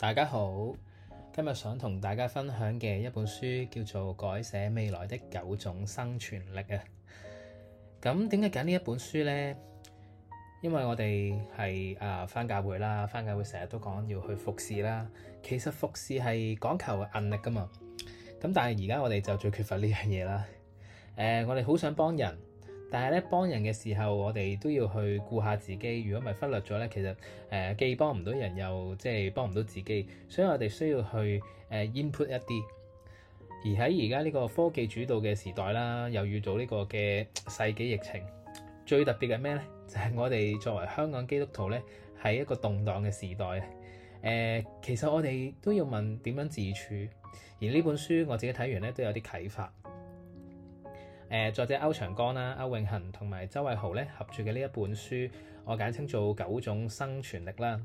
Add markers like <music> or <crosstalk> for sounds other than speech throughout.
大家好，今日想同大家分享嘅一本書叫做《改寫未來的九種生存力》啊。咁點解揀呢一本書咧？因為我哋係啊返教會啦，返教會成日都講要去服侍啦。其實服侍係講求能力㗎嘛。咁但係而家我哋就最缺乏呢樣嘢啦。誒、呃，我哋好想幫人。但係咧，幫人嘅時候，我哋都要去顧下自己。如果咪忽略咗咧，其實誒、呃、既幫唔到人，又即係幫唔到自己。所以我哋需要去誒、呃、input 一啲。而喺而家呢個科技主導嘅時代啦，又要做呢個嘅世紀疫情，最特別係咩咧？就係、是、我哋作為香港基督徒咧，喺一個動盪嘅時代。誒、呃，其實我哋都要問點樣自處。而呢本書我自己睇完咧，都有啲啟發。誒，作者歐長江啦、區穎珩同埋周偉豪咧合著嘅呢一本書，我簡稱做《九種生存力》啦。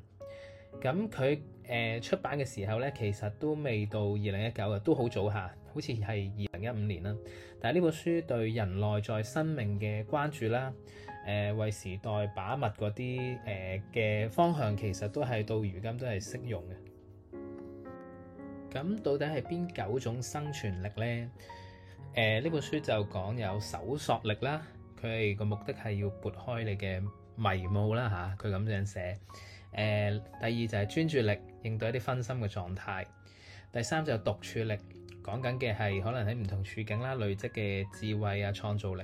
咁佢誒出版嘅時候咧，其實都未到二零一九嘅，都好早下，好似係二零一五年啦。但係呢本書對人內在生命嘅關注啦，誒、呃、為時代把脈嗰啲誒嘅方向，其實都係到如今都係適用嘅。咁到底係邊九種生存力咧？誒呢本書就講有搜索力啦，佢係個目的係要撥開你嘅迷霧啦嚇，佢咁樣寫。誒第二就係專注力，應對一啲分心嘅狀態。第三就係獨處力，講緊嘅係可能喺唔同處境啦，累積嘅智慧啊創造力。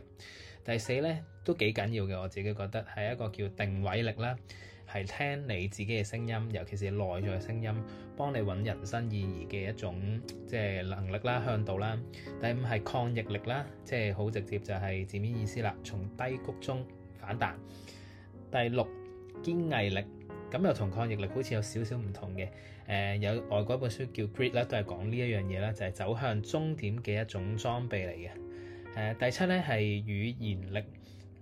第四咧都幾緊要嘅，我自己覺得係一個叫定位力啦。係聽你自己嘅聲音，尤其是內在聲音，幫你揾人生意義嘅一種即係能力啦、向度啦。第五係抗逆力啦，即係好直接就係字面意思啦，從低谷中反彈。第六堅毅力，咁又同抗逆力好似有少少唔同嘅。誒、呃、有外國一本書叫《Grit》啦，都係講呢一樣嘢啦，就係、是、走向終點嘅一種裝備嚟嘅。誒、呃、第七呢係語言力。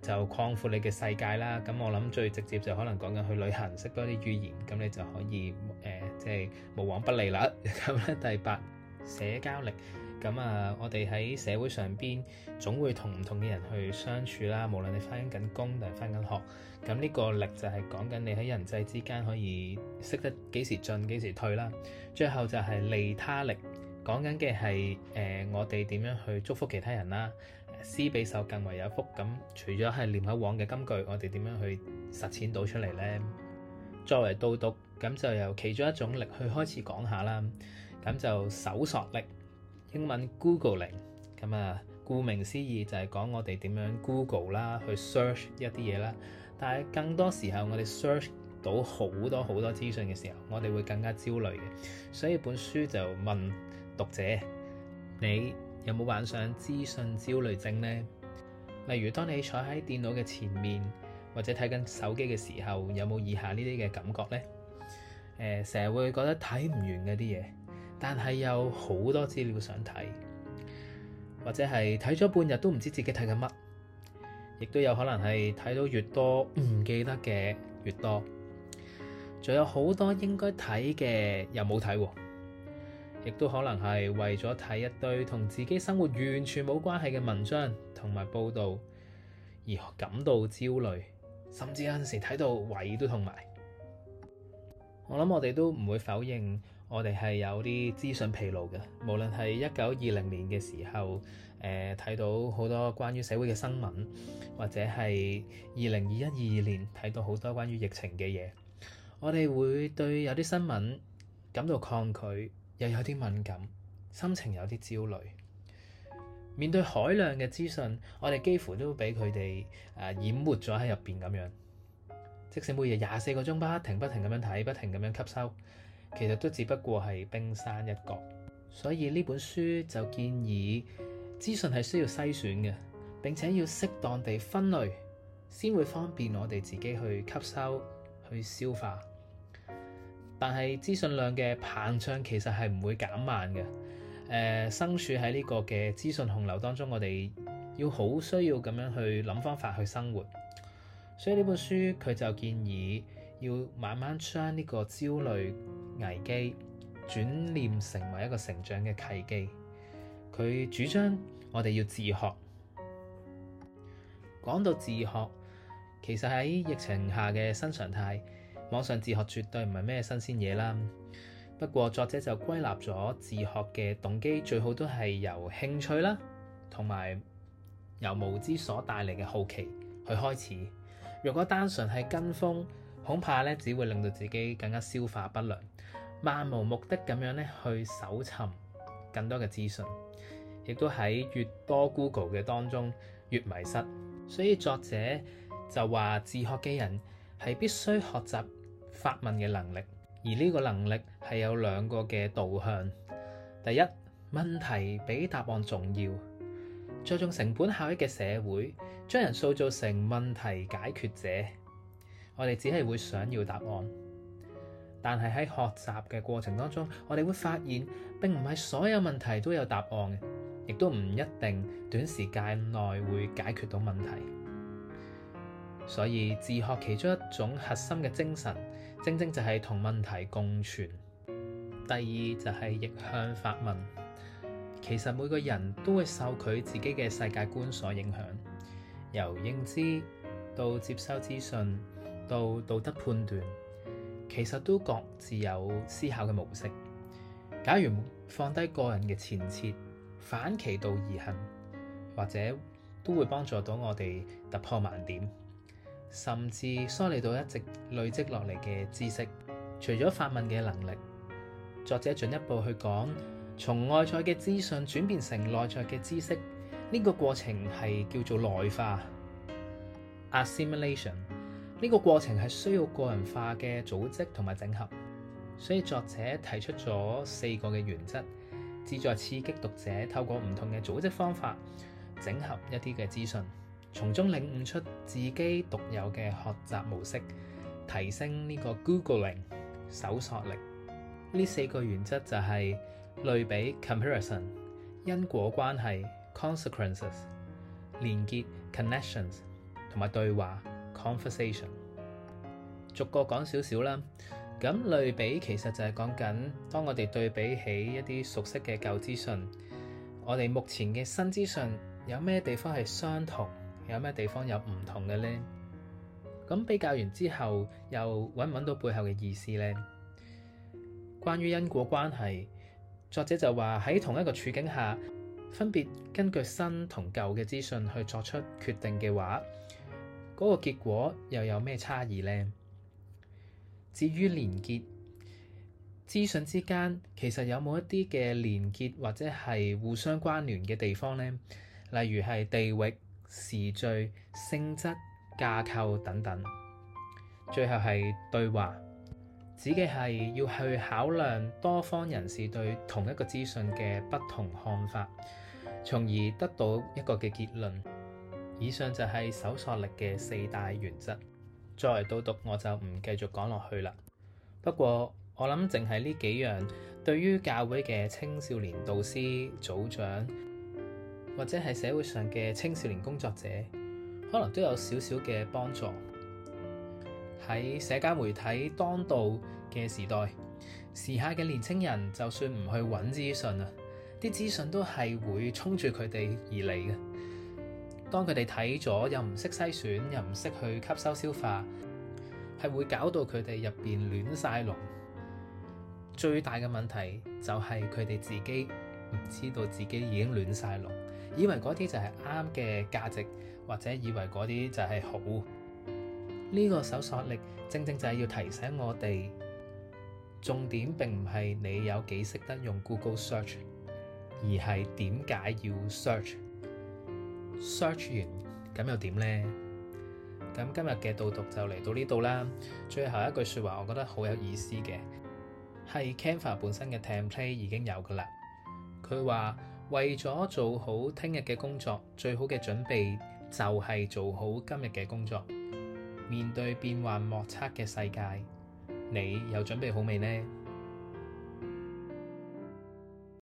就擴闊你嘅世界啦，咁我諗最直接就可能講緊去旅行，識多啲語言，咁你就可以誒，即、呃、係、就是、無往不利啦。咁 <laughs> 咧第八社交力，咁啊，我哋喺社會上邊總會同唔同嘅人去相處啦，無論你返緊工定返緊學，咁呢個力就係、是、講緊你喺人際之間可以識得幾時進幾時退啦。最後就係利他力，講緊嘅係誒我哋點樣去祝福其他人啦。施比受更為有福，咁除咗係念口往嘅金句，我哋點樣去實踐到出嚟呢？作為導讀，咁就由其中一種力去開始講下啦。咁就搜索力，英文 Googling。咁啊，顧名思義就係講我哋點樣 Google 啦，去 search 一啲嘢啦。但係更多時候，我哋 search 到好多好多資訊嘅時候，我哋會更加焦慮嘅。所以本書就問讀者，你有冇患上資訊焦慮症呢？例如，當你坐喺電腦嘅前面，或者睇緊手機嘅時候，有冇以下呢啲嘅感覺呢？呃，成日會覺得睇唔完嗰啲嘢，但係有好多資料想睇，或者係睇咗半日都唔知自己睇緊乜，亦都有可能係睇到越多唔記得嘅越多，仲有好多應該睇嘅又冇睇喎。亦都可能係為咗睇一堆同自己生活完全冇關係嘅文章同埋報道而感到焦慮，甚至有陣時睇到胃都痛埋。我諗我哋都唔會否認，我哋係有啲資訊疲勞嘅。無論係一九二零年嘅時候，誒、呃、睇到好多關於社會嘅新聞，或者係二零二一二二年睇到好多關於疫情嘅嘢，我哋會對有啲新聞感到抗拒。又有啲敏感，心情有啲焦慮。面對海量嘅資訊，我哋幾乎都俾佢哋誒淹沒咗喺入邊咁樣。即使每日廿四個鐘吧，停不停咁樣睇，不停咁樣吸收，其實都只不過係冰山一角。所以呢本書就建議，資訊係需要篩選嘅，並且要適當地分類，先會方便我哋自己去吸收、去消化。但係資訊量嘅膨脹其實係唔會減慢嘅，誒、呃，身處喺呢個嘅資訊洪流當中，我哋要好需要咁樣去諗方法去生活。所以呢本書佢就建議要慢慢將呢個焦慮危機轉念成為一個成長嘅契機。佢主張我哋要自學。講到自學，其實喺疫情下嘅新常態。網上自學絕對唔係咩新鮮嘢啦，不過作者就歸納咗自學嘅動機最好都係由興趣啦，同埋由無知所帶嚟嘅好奇去開始。如果單純係跟風，恐怕呢只會令到自己更加消化不良，漫無目的咁樣呢去搜尋更多嘅資訊，亦都喺越多 Google 嘅當中越迷失。所以作者就話自學嘅人係必須學習發問嘅能力，而呢個能力係有兩個嘅導向。第一，問題比答案重要。着重成本效益嘅社會，將人塑造成問題解決者，我哋只係會想要答案。但係喺學習嘅過程當中，我哋會發現，並唔係所有問題都有答案，亦都唔一定短時間內會解決到問題。所以自學其中一種核心嘅精神，正正就係同問題共存。第二就係逆向發問。其實每個人都會受佢自己嘅世界觀所影響，由認知到接收資訊，到道德判斷，其實都各自有思考嘅模式。假如放低個人嘅前設，反其道而行，或者都會幫助到我哋突破盲點。甚至梳理到一直累積落嚟嘅知識，除咗發問嘅能力，作者進一步去講，從外在嘅資訊轉變成內在嘅知識，呢個過程係叫做內化 （assimilation）。呢個過程係需要個人化嘅組織同埋整合，所以作者提出咗四個嘅原則，旨在刺激讀者透過唔同嘅組織方法，整合一啲嘅資訊。從中領悟出自己獨有嘅學習模式，提升呢個 Googling 搜索力。呢四個原則就係類比 comparison、因果關係 consequences、連結 connections 同埋對話 conversation。逐個講少少啦。咁類比其實就係講緊，當我哋對比起一啲熟悉嘅舊資訊，我哋目前嘅新資訊有咩地方係相同？有咩地方有唔同嘅呢？咁比較完之後，又揾唔搵到背後嘅意思呢？關於因果關係，作者就話喺同一個處境下，分別根據新同舊嘅資訊去作出決定嘅話，嗰個結果又有咩差異呢？至於連結資訊之間，其實有冇一啲嘅連結或者係互相關聯嘅地方呢？例如係地域。時序、性質、架構等等，最後係對話，指嘅係要去考量多方人士對同一個資訊嘅不同看法，從而得到一個嘅結論。以上就係搜索力嘅四大原則。作為導讀，我就唔繼續講落去啦。不過我諗淨係呢幾樣，對於教會嘅青少年導師、組長。或者係社會上嘅青少年工作者，可能都有少少嘅幫助。喺社交媒體當道嘅時代，時下嘅年輕人就算唔去揾資訊啊，啲資訊都係會衝住佢哋而嚟嘅。當佢哋睇咗又唔識篩選，又唔識去吸收消化，係會搞到佢哋入邊亂晒龍。最大嘅問題就係佢哋自己唔知道自己已經亂晒龍。以為嗰啲就係啱嘅價值，或者以為嗰啲就係好。呢個搜索力正正就係要提醒我哋，重點並唔係你有幾識得用 Google Search，而係點解要 Search。Search 完咁又點呢？咁今日嘅導讀就嚟到呢度啦。最後一句說話，我覺得好有意思嘅，係 Canva 本身嘅 Template 已經有㗎喇。佢話。為咗做好聽日嘅工作，最好嘅準備就係做好今日嘅工作。面對變幻莫測嘅世界，你有準備好未呢？